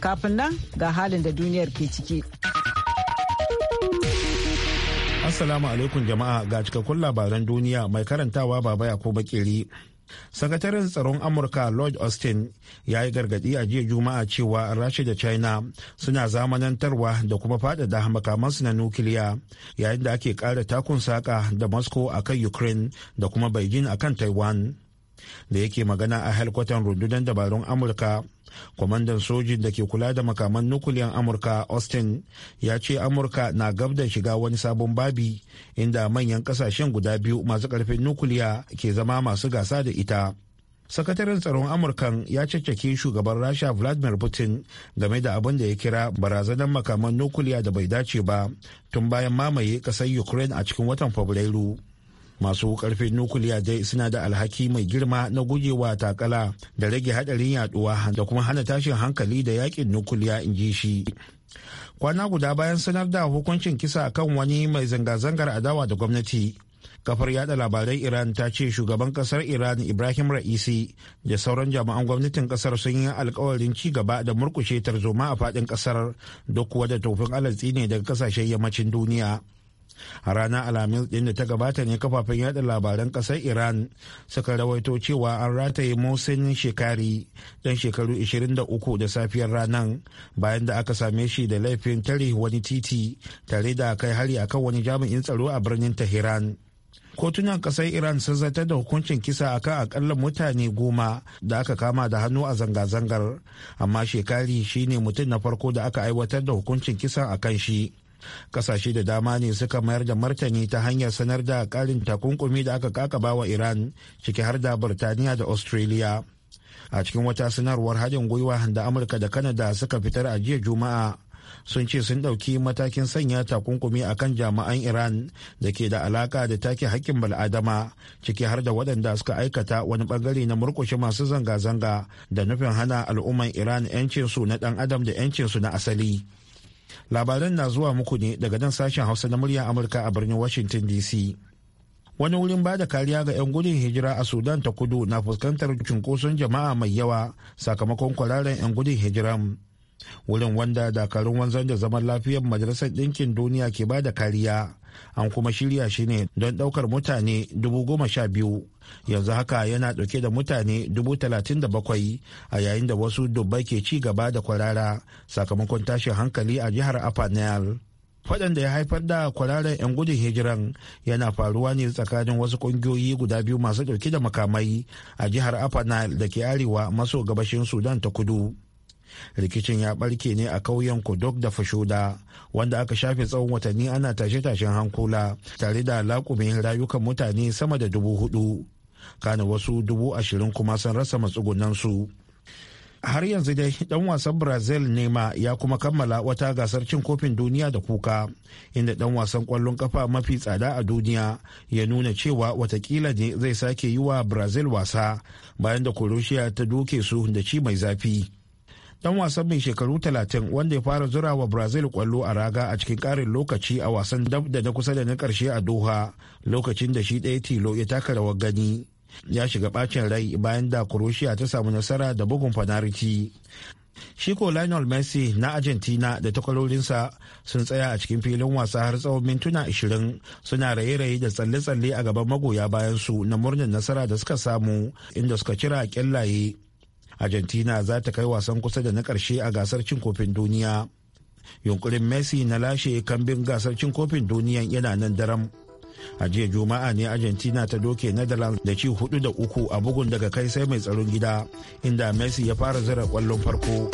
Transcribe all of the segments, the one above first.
Kafin nan ga halin da duniyar ke ciki. Assalamu alaikum jama'a ga cikakkun labaran duniya mai karantawa baba ya ko bakeri. sakataren tsaron amurka lord austin ya yi gargadi a jiya juma'a cewa rasha da china suna zamanantarwa da kuma faɗaɗa makamansu na nukiliya yayin da ake ƙara takun saƙa da moscow a kan ukraine da kuma beijing a kan taiwan da yake magana a halkwatan rundunar dabarun amurka kwamandan sojin da ke kula da makaman nukuliyan amurka austin ya ce amurka na gab da shiga wani sabon babi inda manyan kasashen guda biyu masu karfin nukuliya ke zama masu gasa da ita sakataren tsaron amurkan ya caccake shugaban rasha vladimir putin game da abin da ya kira barazanar makaman nukuliya da bai dace ba tun bayan mamaye kasar ukraine a cikin watan fabrairu masu karfin nukuliya dai suna da alhaki mai girma na gujewa takala da rage hadarin yaduwa da kuma hana tashin hankali da yakin nukuliya in ji shi kwana guda bayan sanar da hukuncin kisa kan wani mai zanga-zangar adawa da gwamnati kafar yada labarai iran ta ce shugaban kasar iran ibrahim ra'isi da sauran jami'an gwamnatin kasar sun yi alkawarin ci gaba da murkushe tarzoma a fadin kasar duk kuwa da tofin alatsi ne daga kasashen yammacin duniya a ranar alhamis din da ta gabata ne kafafen yada labaran kasar iran suka rawaito cewa an rataye mohsin shekari dan shekaru 23 da safiyar ranar bayan da aka same shi da laifin tare wani titi tare da kai hari akan wani jami'in tsaro a birnin tehran kotunan kasar iran sun zartar da hukuncin kisa akan akalla mutane goma da aka kama da hannu a zanga-zangar amma shekari shine mutum na farko da aka aiwatar da hukuncin kisa a kan shi kasashe da dama ne suka mayar da martani ta hanyar sanar da karin takunkumi da aka kakaba wa iran ciki har da birtaniya da australia a cikin wata sanarwar haɗin gwiwa da amurka da kanada suka fitar a jiya juma'a sun ce sun ɗauki matakin sanya takunkumi a kan jami'an iran da ke da alaka da take hakkin bal'adama ciki har da waɗanda suka aikata wani ɓangare na murkushe masu zanga-zanga da nufin hana al'umman iran 'yancinsu na ɗan adam da 'yancinsu na asali labaran na zuwa muku ne daga nan sashen hausa na murya amurka a birnin washington dc wani wurin bada kariya ga 'yan gudun hijira a sudan ta kudu na fuskantar cunkoson jama'a mai yawa sakamakon kwararren 'yan gudun hijira wurin wanda dakarun wanzan da zaman lafiyar majalisar ɗinkin duniya ke bada kariya an kuma shirya shi ne don daukar mutane dubu goma sha biyu yanzu haka yana dauke da mutane dubu talatin da bakwai a yayin da wasu dubbai ke ci gaba da kwarara sakamakon tashin hankali a jihar apanel faɗan da ya haifar da kwararren 'yan gudun hijiran yana faruwa ne tsakanin wasu ƙungiyoyi guda biyu masu ɗauke da makamai a jihar apanal da ke arewa maso gabashin sudan ta kudu rikicin ya barke ne a kauyen kodok da fashoda wanda aka shafe tsawon watanni ana tashe-tashen hankula tare da laƙumin rayukan mutane sama da dubu hudu kana wasu dubu ashirin kuma sun rasa matsugunansu har yanzu dai dan wasan brazil nema ya kuma kammala wata gasar cin kofin duniya da kuka inda dan wasan kwallon kafa mafi tsada a duniya ya nuna cewa watakila ne zai sake yi wa brazil wasa bayan da croatia ta doke su da ci mai zafi dan wasan mai shekaru 30 wanda ya fara zura wa brazil kwallo a raga a cikin karin lokaci a wasan dab da na kusa da na karshe a doha lokacin da shi ɗaya tilo ya taka rawar gani ya shiga bacin rai bayan da croatia ta samu nasara da bugun fanariti shi ko lionel messi na argentina da takwarorinsa sun tsaya a cikin filin wasa har tsawon mintuna 20 suna raye-raye da tsalle-tsalle a gaban magoya bayansu na murnar nasara da suka samu inda suka kira kyallaye argentina za ta kai wasan kusa da na ƙarshe a gasar cin kofin duniya yunkurin messi na lashe kambin gasar cin kofin duniya yana nan daram a jiya juma'a ne argentina ta doke netherlands da ci hudu da uku a bugun daga kai sai mai tsaron gida inda messi ya fara zira kwallon farko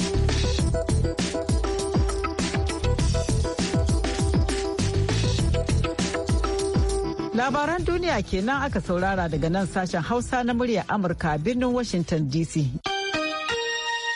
labaran duniya kenan aka saurara daga nan sashen hausa na murya amurka birnin washington dc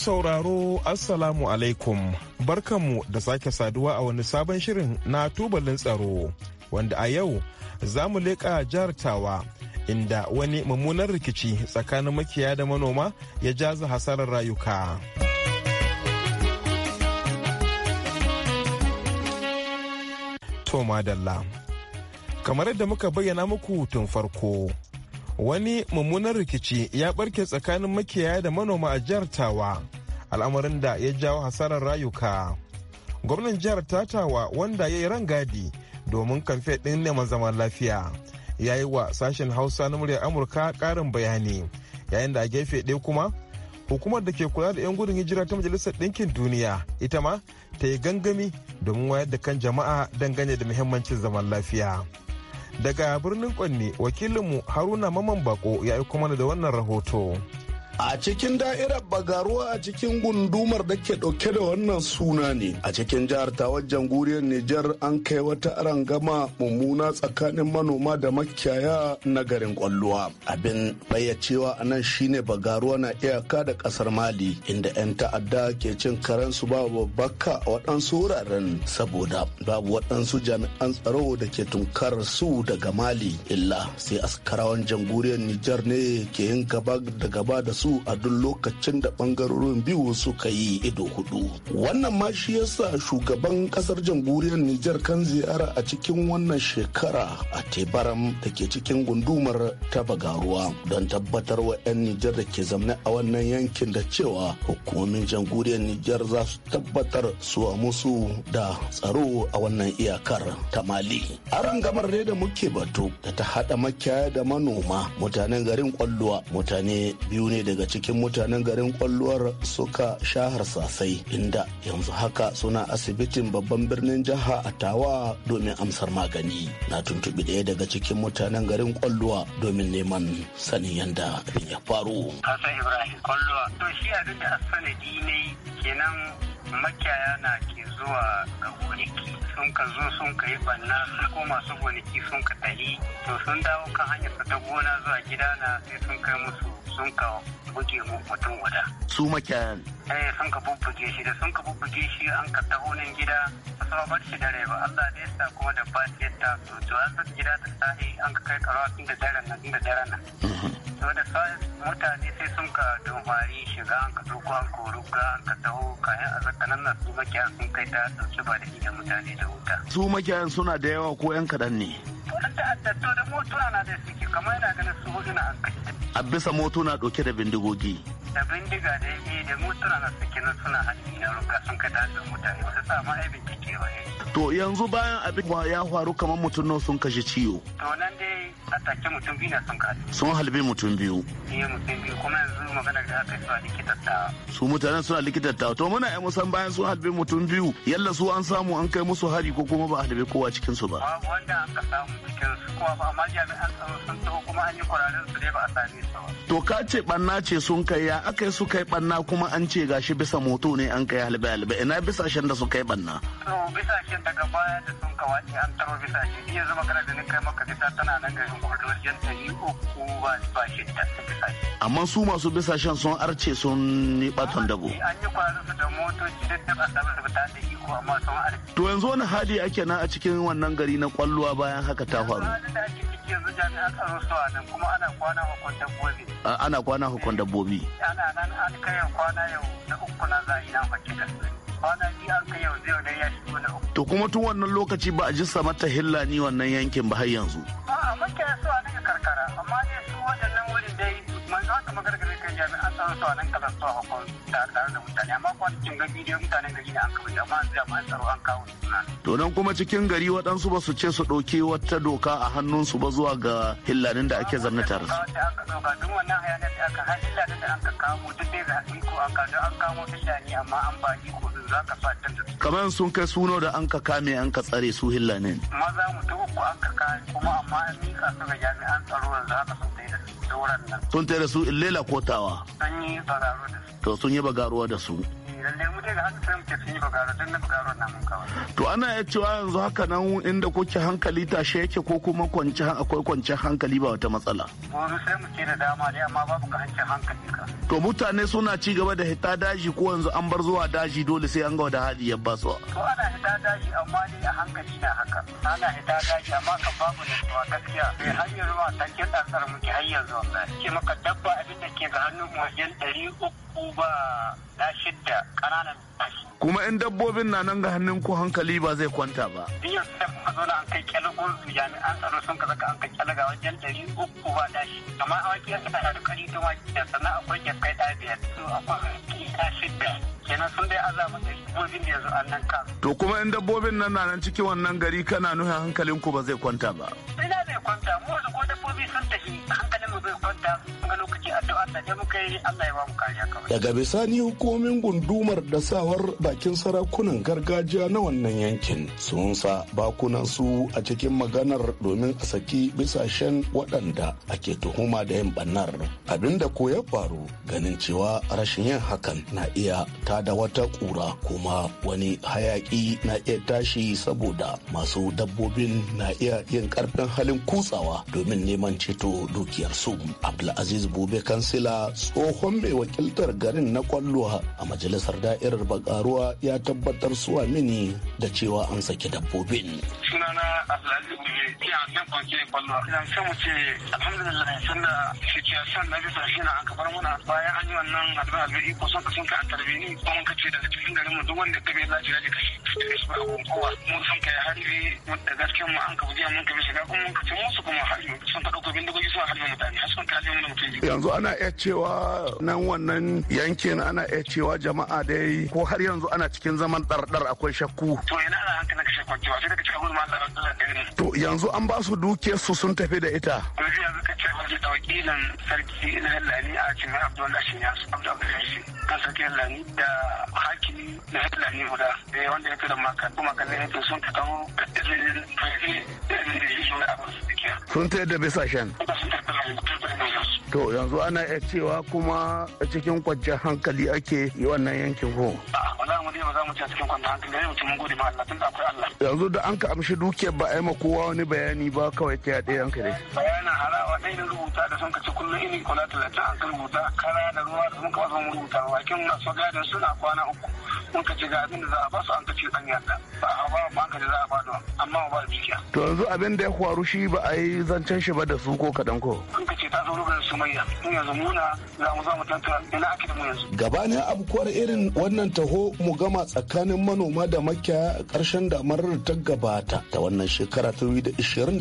sauraro Assalamu alaikum barkanmu da sake saduwa a wani sabon shirin na tubalin tsaro wanda a yau za mu leƙa jihar Tawa inda wani mummunan rikici tsakanin makiya da manoma ya jaza hasarar rayuka. Toma Kamar yadda muka bayyana muku tun farko. wani mummunan rikici ya barke tsakanin makiyaya da manoma a jihar tawa al'amarin da ya jawo hasarar rayuka gwamnan jihar tatawa wanda ya yi rangadi domin kamfe ɗin neman zaman lafiya ya yi wa sashen hausa na muryar amurka ƙarin bayani yayin da a gefe ɗaya kuma hukumar da ke kula da 'yan gudun hijira ta majalisar ɗinkin duniya ita ma ta yi gangami domin wayar da kan jama'a dangane da muhimmancin zaman lafiya daga birnin kwanne wakilinmu haruna maman bako ya aiko mana da wannan rahoto a cikin da'irar bagaruwa a cikin gundumar da ke dauke da wannan suna ne a cikin jihar ta wajen guriyar nijar an kai wata arangama mummuna tsakanin manoma da makiyaya na garin kwalluwa abin bayyacewa a nan shine bagaruwa na iyaka da kasar mali inda 'yan ta'adda ke cin karensu ba babbaka a waɗansu wuraren saboda babu waɗansu jami'an tsaro da ke tunkar su daga mali illa sai askarawan jamhuriyar nijar ne ke yin gaba da gaba da su su a duk lokacin da bangarorin biyu suka yi ido hudu wannan ma shi yasa shugaban kasar jamhuriyar nijar kan ziyara a cikin wannan shekara a tebaram da ke cikin gundumar ta bagaruwa don tabbatar wa 'yan nijar da ke zamne a wannan yankin da cewa hukumomin jamhuriyar nijar za su tabbatar suwa musu da tsaro a wannan iyakar ta mali aron gamar ne da muke batu da ta hada makiyaya da manoma mutanen garin kwalluwa mutane biyu ne daga daga cikin mutanen garin kwalluwar suka sha harsasai inda yanzu haka suna asibitin babban birnin jiha a tawa domin amsar magani na tuntubi ɗaya daga cikin mutanen garin kwalluwa domin neman sanin yadda abin ya faru da sanadi ne kenan makiyaya na ke zuwa ga gonaki sun ka zo sun ka yi banna sun koma su gonaki sun ka tahi to sun dawo kan hanyar ta gona zuwa gida na sai sun kai musu sun ka buge mutum guda. Su makiyayan? Eh sun ka bubbuge shi da sun ka bubbuge shi an ka taho nan gida su ba bar shi dare ba Allah da yasa kuma da ba shi yasa to to an san gida ta sahi an ka kai karawa tun da daren nan tun da daren nan. To da sai mutane sai sun ka dumfari shiga an ka doko an ka ruga an ka taho kayan azakanan nan su makiyayan sun kai ta dauki ba da idan mutane da wuta. Su makiyayan suna da yawa ko 'yan kaɗan ne? Wanda a da motuwa na da suke kamar yana ganin su hudu na an kashe. a bisa motuna ɗauke da bindigogi da bindiga da yake da mutuna na suke na suna hannu na ruka sun ka da mutane wasu sa ma bincike ba to yanzu bayan abin ya faru kamar mutum nan sun kashe ciwo to nan dai a take mutum biyu na sun kashe sun halbe mutum biyu eh mutum biyu kuma yanzu magana da aka su a likitar ta su mutanen suna likita ta to muna yan musan bayan sun halbe mutum biyu yalla su an samu an kai musu hari ko kuma ba a halbe kowa cikin su ba babu wanda an ka samu cikin su kowa ba amma jami'an tsaro sun taho kuma an yi kwararren su ne ba a sami su ba to ka ce banna ce sun kai ya aka yi su kai banna kuma an ce gashi bisa moto ne an kai halbe halbe ina bisashen da su kai banna to bisashen daga baya da sun kawace an taro bisashe iya zama kana da ni kai maka bisa tana nan garin gurdor yanta yi uku ba ba shi ta bisashe amma su masu bisashen sun arce sun ni baton dabo an yi kwazo da shi da da asabar da ta iko amma sun arce to yanzu wani hali ake na a cikin wannan gari na kwalluwa bayan haka ta faru yanzu jami'an tsaro su nan kuma ana kwana hukun dabbobi. Ana kwana hukun dabbobi. Ana nan an kai kwana yau na uku na za a yi nan fakin da kwana biyu an kai yau zai wani ya shigo na uku. To kuma tun wannan lokaci ba a ji samar hilla ni wannan yankin ba har yanzu. A'a mun so a daga karkara amma ne su wajen magargari kai jami'an tsaron su a nan kasar su a hukun tare da mutane amma kwanakin ga bidiyo mutanen gari da an kawai amma jami'an tsaro an kawo su nan. to nan kuma cikin gari waɗansu ba su ce su ɗauki wata doka a hannunsu ba zuwa ga hillanin da ake zanna tare su. duk wannan hayanin da aka hillanin da aka kamo duk dai ga ko an kawo an kamo hillani amma an ba iko din za ka sa kamar sun kai suno da an ka kame an ka tsare su hillanin. maza mutum uku an ka kame kuma amma an mika su ga jami'an tsaro yanzu haka sun tsaye da su. wurin nan. Sun tere su illela ko tawa. Sun yi bagaruwa da su. To sun yi bagaruwa da su. lalle mu dai haka sai muke sun yi bagaro don na bagaro na mun kawai. To ana iya cewa yanzu haka nan inda kuke hankali tashe yake ko kuma kwanci akwai kwanciyar hankali ba wata matsala. Wani sai mu ce da dama dai amma babu kwanciyar hankali ka. To mutane suna ci gaba da hita daji ko yanzu an bar zuwa daji dole sai an ga wada hali ya ba su. To ana hita daji amma dai a hankali na haka. Ana hita daji amma kan babu ne to gaskiya. Sai eh, har yanzu ma tankin ɗansar muke har yanzu. Ke maka dabba abin da ke ga hannun wajen ɗari uku ba na shidda ƙananan kuma in dabbobin na nan ga hannun ku hankali ba zai kwanta ba. Biyar da muka zo na an kai kyalagun jami'an tsaro sun ka zaka an kai ga wajen ɗari uku ba dashi. Amma wajen yan kana da kari don waki da sannan akwai jakai ɗaya biyar. To akwai ta shidda. Kenan sun dai azama da dabbobin da yanzu an nan kan. To kuma in dabbobin nan na nan cikin wannan gari kana nuna hankalin ku ba zai kwanta ba. Ina zai kwanta mu wasu ko dabbobi sun tafi Daga bisani hukumomin gundumar da sawar bakin sarakunan gargajiya na wannan yankin sun sa bakunan su a cikin maganar domin a saki bisashen waɗanda ake tuhuma da yin bannar. Abinda ko ya faru ganin cewa rashin yin hakan na iya tada wata ƙura kuma wani hayaki na iya tashi saboda masu dabbobin na iya yin karfin halin kutsawa domin neman ceto dukiyarsu. abdulaziz bube kansila tsohon mai wakiltar garin na kwallo a majalisar da'irar bakaruwa ya tabbatar suwa mini da cewa an saki dabbobin sunana abdulaziz bube ya san kwanke kwallo idan sai mu ce alhamdulillah sun da suke san na bisa shi na aka bar mana bayan an yi wannan addu'a da iko son ka sun ka tarbe ni ko mun kace daga cikin garin mu duk wanda ka bai lafiya da kashi da su ba abun kowa mun san kai harbi da gaskiyar mu an ka buge mun ka bi shiga kuma mun ka ce musu kuma harbi sun ka dauko bindigogi suna harbi mutane har sun yanzu ana iya cewa nan wannan yankin ana iya cewa jama'a dai ko har yanzu ana cikin zaman ɗarɗar akwai shakku to ina na kashe sai daga cikin ma to yanzu an ba su duke su sun tafi da ita yanzu yanzu ka ce da sarki na hallani a cikin abdul ashin su kan sarki hallani da na hallani guda da eh, wanda ya fi da maka kuma kan ne sun ka kawo da irin da irin da To yanzu ana iya cewa kuma cikin kwanciyar hankali ake yi wannan yankin ko. Ba za mu ba za mu ce cikin kwanciyar hankali ne mutum gode ma Allah tunda akwai Allah. Yanzu da an ka amshi dukiyar ba a yi ma wani bayani ba kawai ta yaɗe yanka dai. Bayanin harawa ɗaya da rubuta da sun kaci kullum ini kula da talatin an rubuta kara da ruwa da muka wasu rubuta bakin masu gadin suna kwana uku. mun ka ce ga abin da za a ba su an ka ce an yarda ba a ba mu ka ce za a ba don amma ba cikiya. to yanzu abin da ya faru shi ba a yi zancen shi ba da su ko kaɗan ko. an ka ce ta zo rubin su mai mun yanzu muna za mu za mu tantara ina ake da mu yanzu. abu abubuwar irin wannan taho mu gama tsakanin manoma da makiyaya ƙarshen damarar ta gabata ta wannan shekara ta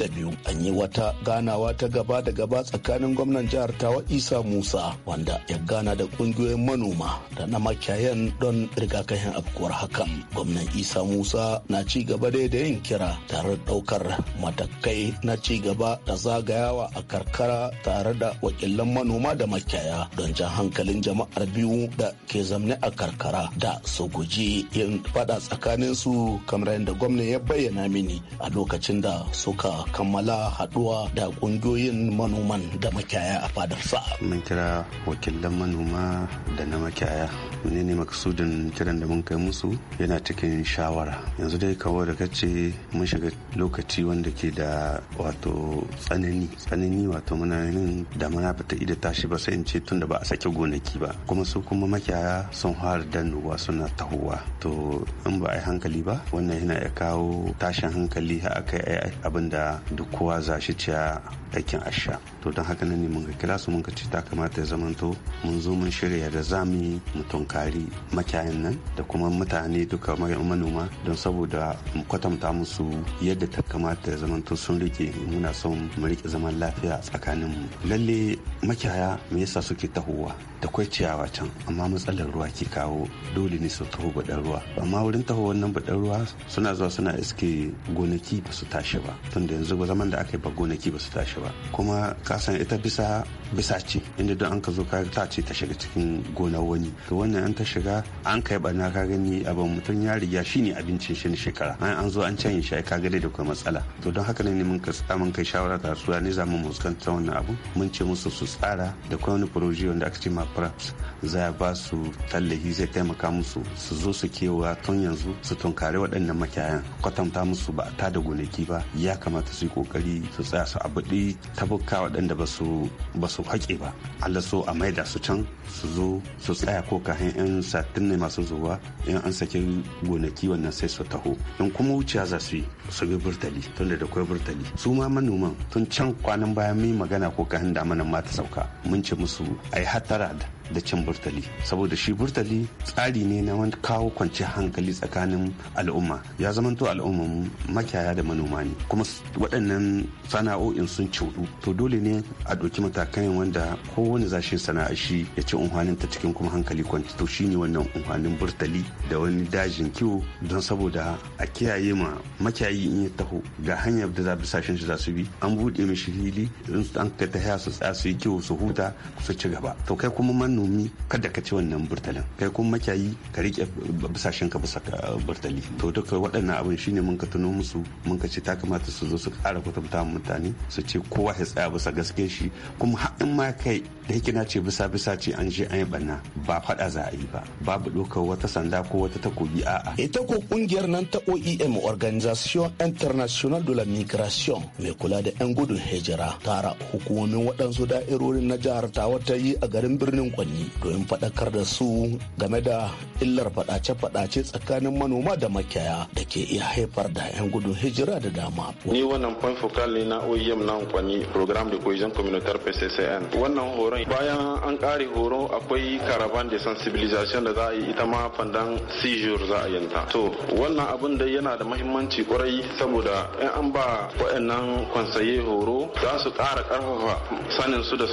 biyu an yi wata ganawa ta gaba da gaba tsakanin gwamnan jihar tawa isa musa wanda ya gana da ƙungiyoyin manoma da na makiyayan don rigakafi tarihin afkuwar hakan gwamnan isa musa na ci gaba da yin kira tare da daukar matakai na ci gaba da zagayawa a karkara tare da wakilan manoma da makiyaya don jan hankalin jama'ar biyu da ke zamne a karkara da su guji yin fada tsakanin su kamar yadda gwamnan ya bayyana mini a lokacin da suka kammala haɗuwa da ƙungiyoyin manoman da makiyaya a fadarsa. Mun kira wakilan manoma da na makiyaya. ne maksudin kiran da mun kai musu yana cikin shawara yanzu dai kawo da kace mun shiga lokaci wanda ke da wato tsanani tsanani wato muna nan da muna fita ida tashi ba sai in ce tunda ba a sake gonaki ba kuma su kuma makiyaya sun fara dannowa suna tahowa to in ba a yi hankali ba wannan yana ya kawo tashin hankali har a yi abin da duk kowa za shi ciya aikin asha to don haka nan ne mun ga kira su mun ka ce ta kamata ya zamanto mun zo mun shirya da zamu mu tunkari makiyayan nan da kuma mutane duka manoma don saboda kwatanta musu yadda ta kamata zamanto sun rike muna son mu rike zaman lafiya tsakanin mu lalle makiyaya me yasa suke tahowa da kwai ciyawa can amma matsalar ruwa ke kawo dole ne su taho baɗan ruwa amma wurin taho wannan baɗan ruwa suna zuwa suna iske gonaki ba su tashi ba tunda yanzu ba zaman da aka yi ba gonaki ba su tashi ba kuma kasan ita bisa bisa ce inda don an ka zo ka ta ce ta shiga cikin gonar wani to wannan an ta shiga an kai bana ka gani abin mutum ya riga ne abincin shi na shekara an an zo an canye shi ka gani da kuma matsala to don haka ne mun ka mun kai shawara ta kasuwa ne za mu muskanta wannan abu mun ce musu su tsara da kuma wani proje wanda aka ce ma praps za ba su tallafi zai taimaka musu su zo su kewa tun yanzu su tunkari waɗannan makiyayan kwatanta musu ba ta da gonaki ba ya kamata su yi kokari su tsaya su abuɗi tabuka waɗanda ba su ba su haƙe ba Allah so a maida su can su zo su tsaya ko kahin 'yan satin ne masu zuwa in an saki gonaki wannan sai su taho in kuma wuciya za su yi su bi burtali tun da kwai burtali su ma manoman tun can kwanan bayan mai magana ko ka handa mana ma ta sauka mun ce musu ai hatara da da cin burtali saboda shi burtali tsari ne na wani kawo kwanciyar hankali tsakanin al'umma ya zama zamanto al'umman makiyaya da manoma ne kuma waɗannan sana'o'in sun cuɗu to dole ne a ɗauki matakan wanda kowane zashin sana'a shi ya ci unhwanin ta cikin kuma hankali kwanci to shine wannan unhwanin burtali da wani dajin kiwo don saboda a kiyaye ma makiyayi in ya taho ga hanyar da za bi sashen shi za su bi an buɗe mishi hili in an kai ta su tsaya su yi kiwo su huta su ci gaba to kai kuma manomi kada ka ci wannan burtalin kai kuma makiyayi ka rike bisashen ka bisa uh, burtali to duka waɗannan abin shine mun ka tuno musu mun ka ce ta kamata su zo su ƙara kwatanta mutane su ce kowa ya tsaya bisa gaske shi kuma haɗin ma kai da na ce bisa bisa ce an je an yi banna ba faɗa za a yi ba babu ɗaukar wata sanda ko wata takobi a'a ita ko kungiyar nan ta OEM Organisation International de la Migration mai kula da 'yan gudun hijira tara hukumomin waɗansu da'irorin na jihar tawa ta yi a garin birnin Kwani fulani domin faɗakar da su game da illar faɗace-faɗace tsakanin manoma da makiyaya da ke iya haifar da 'yan gudun hijira da dama. Ni wannan point focal ne na OEM na kwani program de cohesion communautaire PCCN. Wannan horon bayan an ƙare horo akwai caravan de sensibilisation da za a yi ita ma fandan seizure za a yanta. To wannan abun da yana da mahimmanci kwarai saboda in an ba waɗannan kwansaye horo za su ƙara ƙarfafa sanin su da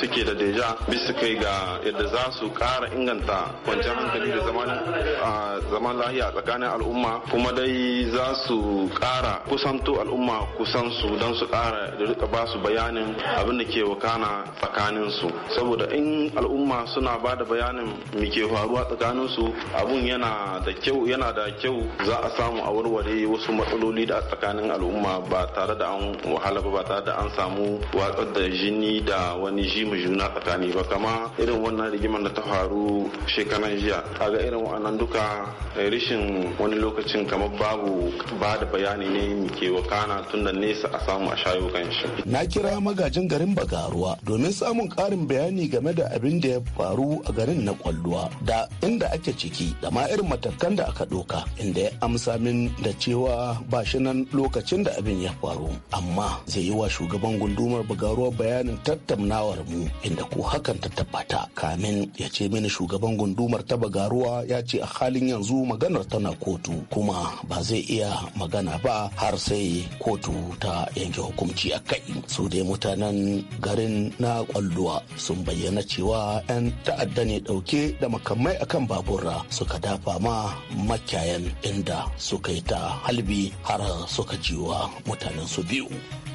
suke da deja bisa kai ga yadda za su ƙara inganta kwanciyar hankali da zaman lahiya tsakanin al'umma kuma dai za su ƙara kusanto al'umma kusan su don su ƙara da rika ba su bayanin abin da ke wakana tsakanin su saboda in al'umma suna ba da bayanin me ke faruwa tsakanin su abun yana da kyau yana da kyau za a samu a warware wasu matsaloli da tsakanin al'umma ba tare da an wahala ba tare da an samu watsar da jini da wani ji juna tsakani ba kama irin irin wannan rigimar da ta faru shekaran jiya kaga irin wannan duka eh, rishin wani lokacin kamar babu ba da bayani ne muke wakana tun da nesa a samu a shayo kan shi na kira magajin garin bagaruwa domin samun karin bayani game da abin da ya faru a garin na kwalluwa da inda ake ciki da ma irin matakan da aka doka inda ya amsa min da cewa ba shi nan lokacin da abin ya faru amma zai yi wa shugaban gundumar bagaruwa bayanin tattaunawar mu inda ko hakan ta tabbata ta kamin ya ce mini shugaban gundumar ta bagaruwa ya ce a halin yanzu maganar tana kotu kuma ba zai iya magana ba har sai kotu ta yanke hukunci a kai su dai mutanen garin na kwalluwa sun bayyana cewa 'yan ta'adda ne dauke da makamai akan babura suka dafa ma makyayan inda suka yi ta halbi har suka jiwa mutanen su biyu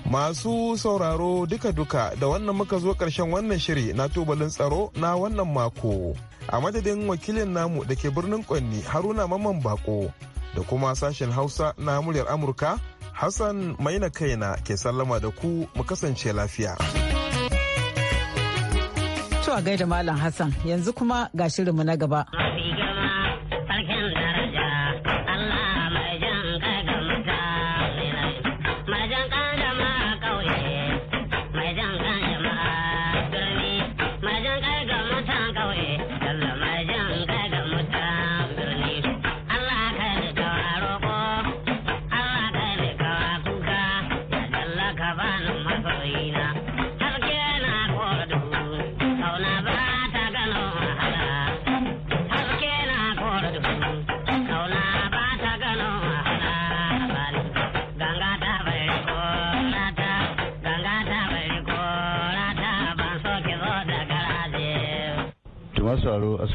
Masu sauraro duka-duka da wannan muka zo ƙarshen wannan shiri na tubalin tsaro na wannan mako. A madadin wakilin namu da ke birnin Kwanni Haruna Mamman Bako da kuma sashen Hausa na muryar Amurka, Hassan Maina Kaina ke sallama da ku mu kasance lafiya. To a gaida Malam Hassan yanzu kuma ga shirinmu na gaba.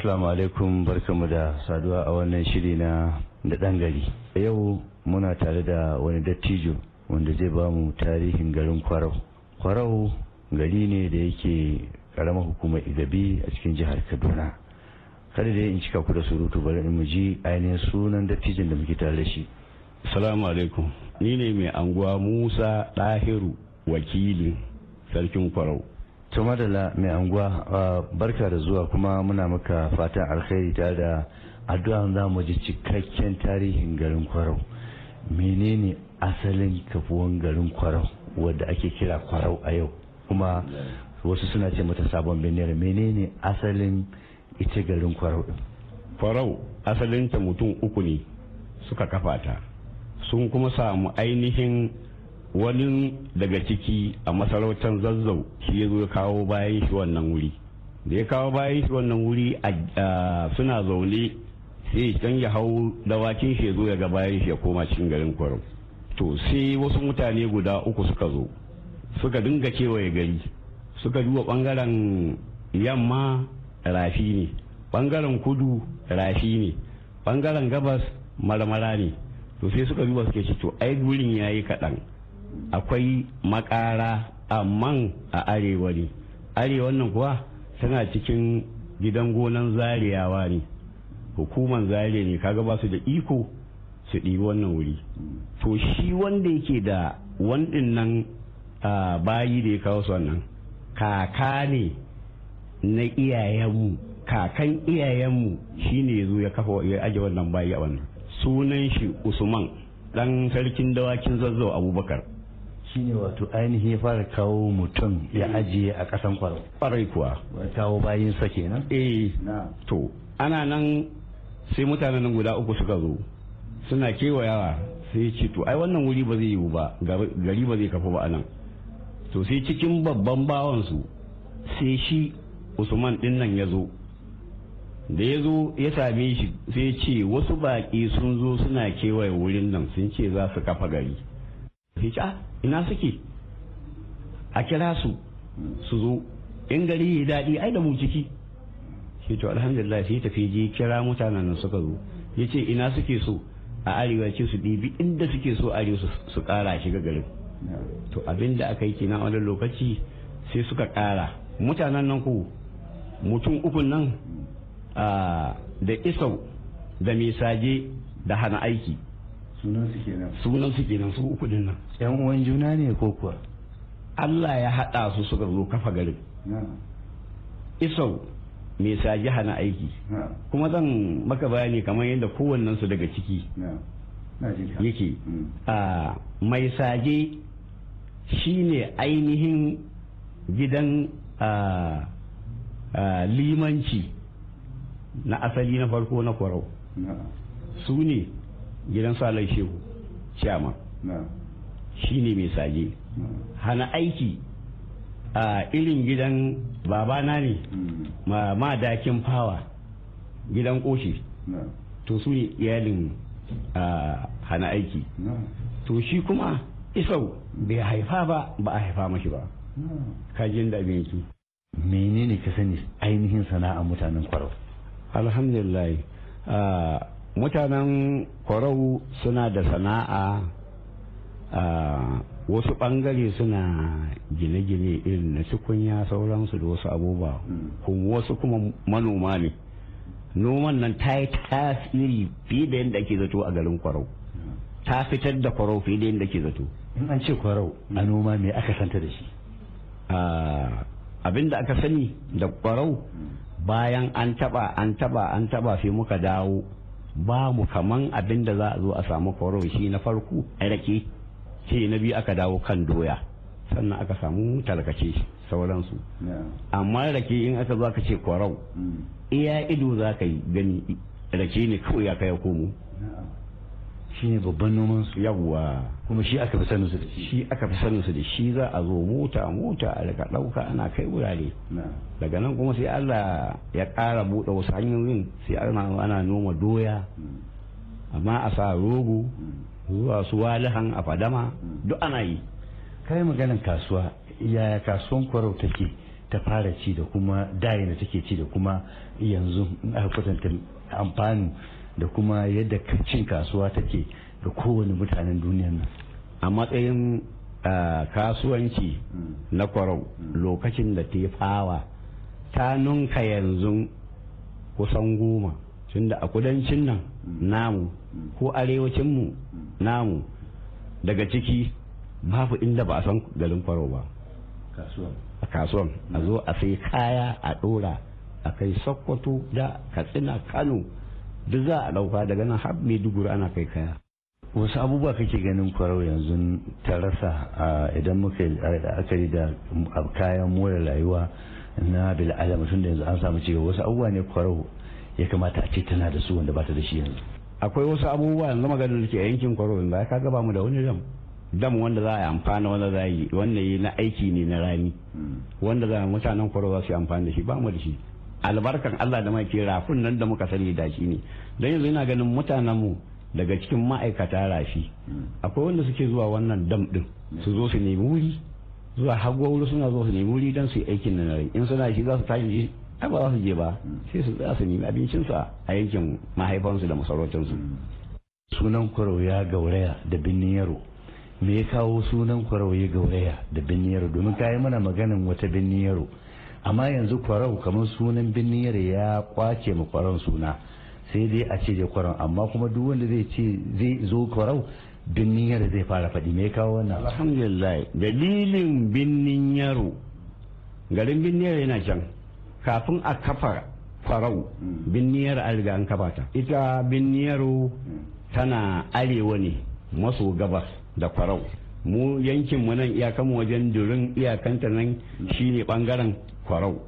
Assalamu alaikum barkamu da saduwa a wannan shiri na da ɗan gari. Yau muna tare da wani dattijo wanda zai ba mu tarihin garin Kwarau. Kwarau gari ne da yake karamar hukumar Igabi a cikin jihar Kaduna. Kada da in cika ku da surutu bari in mu ainihin sunan dattijin da muke tare da shi. Assalamu alaikum. Ni ne mai anguwa Musa Ɗahiru wakilin sarkin Kwarau. da la mai anguwa barka da zuwa kuma muna maka fatan alkhairi ta da addu'a za mu ji cikakken tarihin garin kwarau menene asalin kafuwan garin kwarau wadda ake kira kwarau a yau kuma wasu suna ce mata sabon benin menene asalin ita garin kwarau din kwarau asalinta mutum uku ne suka kafa ta sun kuma samu ainihin wani daga ciki a masarautar zazzau shi ya zo ya kawo bayan shi wannan wuri da ya kawo bayan shi wannan wuri a suna zaune sai can ya hau dawakin shi ya zo ya ga shi ya koma cikin garin kwarau to sai wasu mutane guda uku suka zo suka dinga kewaye gari suka duba bangaren yamma rafi ne bangaren kudu rafi ne bangaren gabas marmara ne to sai suka duba suke ci to ai gurin yayi kaɗan akwai makara amman a arewa ne arewa nan kuwa tana cikin gidan gonan zariyawa ne hukuman zariya ne kaga ba su da iko su ɗibi wannan wuri to shi wanda yake da wandin nan bayi da ya kawo su wannan kaka ne na iyayenmu kakan iyayenmu shine ya zo ya kafa ya aje wannan bayi a wannan sunan shi usman dan sarkin dawakin zazzau abubakar shine wato ainihi ya fara kawo mutum ya ajiye a kasan kwaro kwarai kuwa kawo bayan sa kenan eh to ana nan sai mutanen nan guda uku suka zo suna kewayawa sai ce to ai wannan wuri ba zai yiwu ba gari ba zai kafa ba anan to sai cikin babban bawansu sai shi usman din nan ya zo da ya zo ya same shi sai ce wasu baƙi sun zo suna kewaye wurin nan sun ce za su kafa gari sai ce ah, ina suke a kira su su zo in gari ya daɗi ai da mu ciki shi to alhamdulillah sai tafi je kira mutanen nan suka zo ya ina suke so a arewa ce su ɗibi inda suke so a arewa su ƙara shiga garin to abinda aka yi kenan wani lokaci sai suka ƙara mutanen nan ko mutum uku nan ah, da isau da misaje da hana aiki sunan su kenan sunan su kenan su uku din nan yan uwan juna ne ko kuwa Allah ya haɗa su suka zo kafa garin isau mai saji hana aiki kuma zan maka bayani kamar yadda kowannen su daga ciki yake mm. a mai saje shine ainihin gidan limanci na asali na farko na kwarau su ne gidan salon shehu ciyama shi ne mai sage hana aiki a irin gidan babana ne mm. ma madakin fawa gidan koshi to su ne iyalin hana aiki to shi kuma isau bai haifa ba ba a haifa mashi ba kajin da abin yake menene ka sani ainihin sana'a mutanen kwarau alhamdulillah mutanen kwarau suna da sana'a wasu bangare suna gine-gine irin na cikunya sauransu da wasu abubuwa hmm. kun wasu kuma manoma ne noman nan ta yi tasiri fiye da yadda ake zato a garin kwarau hmm. ta fitar da kwarau fiye da yadda ake zato in an ce kwarau a hmm. noma me aka santa da shi abin da aka sani da kwarau bayan an taba an taba an taba sai muka dawo babu kaman abin da za a zo a samu kwarau shi na farko a rake ce na biyu aka dawo kan doya sannan aka samu talkace sauransu amma rake in aka zo aka ce kwarau mm. iya ido za ka yi gani rake ne kawai ya kai komo shine babban noman su yawwa kuma shi aka fi sanin su da shi aka fi sanin su da shi za a zo mota mota a daga dauka ana kai wurare daga nan kuma sai Allah ya ƙara buɗe wasu hanyoyin sai ana ana noma doya mm. amma a sa rogo mm. zuwa su walihan a fadama mm. duk ana yi kai maganin kasuwa yaya kasuwan kwarau take ta fara ci da kuma dayin da take ci da kuma yanzu a kwatanta amfani da kuma yadda cin kasuwa take da kowane mutanen duniya nan a matsayin kasuwanci mm. na kwarau mm. lokacin da ta fawa ta nunka yanzu kusan goma tunda a kudancin nan mm. namu ko arewacinmu namu daga ciki babu inda ba a san garin kwarau ba a kasuwan a zo a sai kaya a dora a kai sokoto da katsina kano duk za a ɗauka daga nan har maiduguri ana kai kaya wasu abubuwa kake ganin kwarau yanzu ta rasa idan muka akari da kayan more rayuwa na bil'adama tun da yanzu an samu cewa wasu abubuwa ne kwarau ya kamata a ce tana da su wanda ba ta da shi yanzu akwai wasu abubuwa yanzu maganin da ke yankin kwarau yanzu ya kaga ba mu da wani dam dam wanda za a yi amfani wanda za a yi wanda na aiki ne na rani hmm. wanda za a mutanen kwarau za su yi amfani da shi ba mu da shi albarkan Allah da mai rafin nan da muka sani da shi ne don yanzu ina ganin mutanen mu daga cikin ma'aikata rafi akwai wanda suke zuwa wannan dam din su zo su nemi wuri zuwa hagu wuri suna zo su nemi wuri don su yi aikin nan in suna shi za su tashi ai ba za su je ba sai su za su nemi abincinsu a yankin mahaifansu da masarautarsu sunan kwarauya gauraya da binnin yaro me ya kawo sunan kwarauya gauraya da binnin yaro domin kayi mana maganin wata binnin yaro amma yanzu kwarau kamar sunan binniyar ya kwace mu kwaran suna sai dai a ce je kwarau amma kuma duk wanda zai ce zai zo kwarau binniyar zai fara faɗi me kawo wannan alhamdulillah dalilin binnin garin binniyar yana can kafin a kafa kwarau hmm. binniyar yaro an riga an kafa ta ita binnin tana arewa ne maso gabas da kwarau mu yankin mu nan iyakan mu wajen durin iyakanta nan shine bangaren kwarau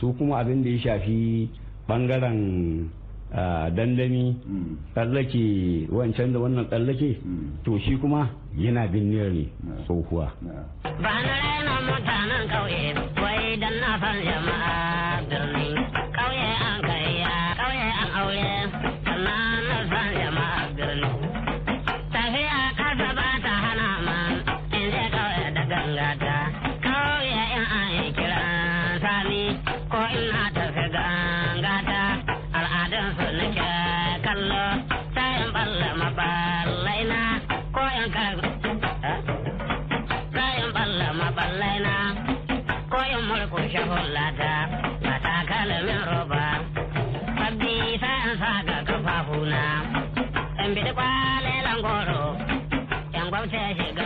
su kuma abin da ya shafi bangaren dandami mm. tsallake wancan da wannan tsallake mm. to shi kuma yana binniyar ne tsohuwa ba na mutanen kauye wai don na san jama'a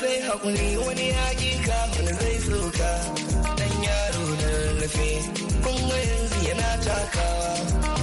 sai hakuri wani yaƙi kafin zai tsoka dan yaro na rarrafe kuma yanzu yana takawa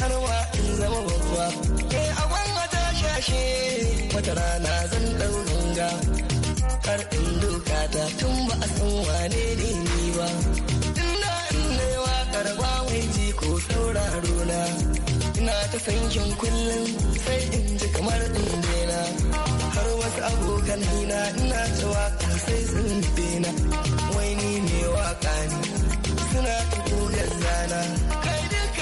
harwa in zama babba ke eh, agon wata shashe wata rana zan ɗau zanga har in doka ta tun ba a san wane ne ni ba ina ina wakar ba wai ji ko sauraro na ina ta sankin kullum sai in ji kamar in daina har wasu abokan hina ina ta waka sai sun daina wai ni ne waka ne suna ta gogar zana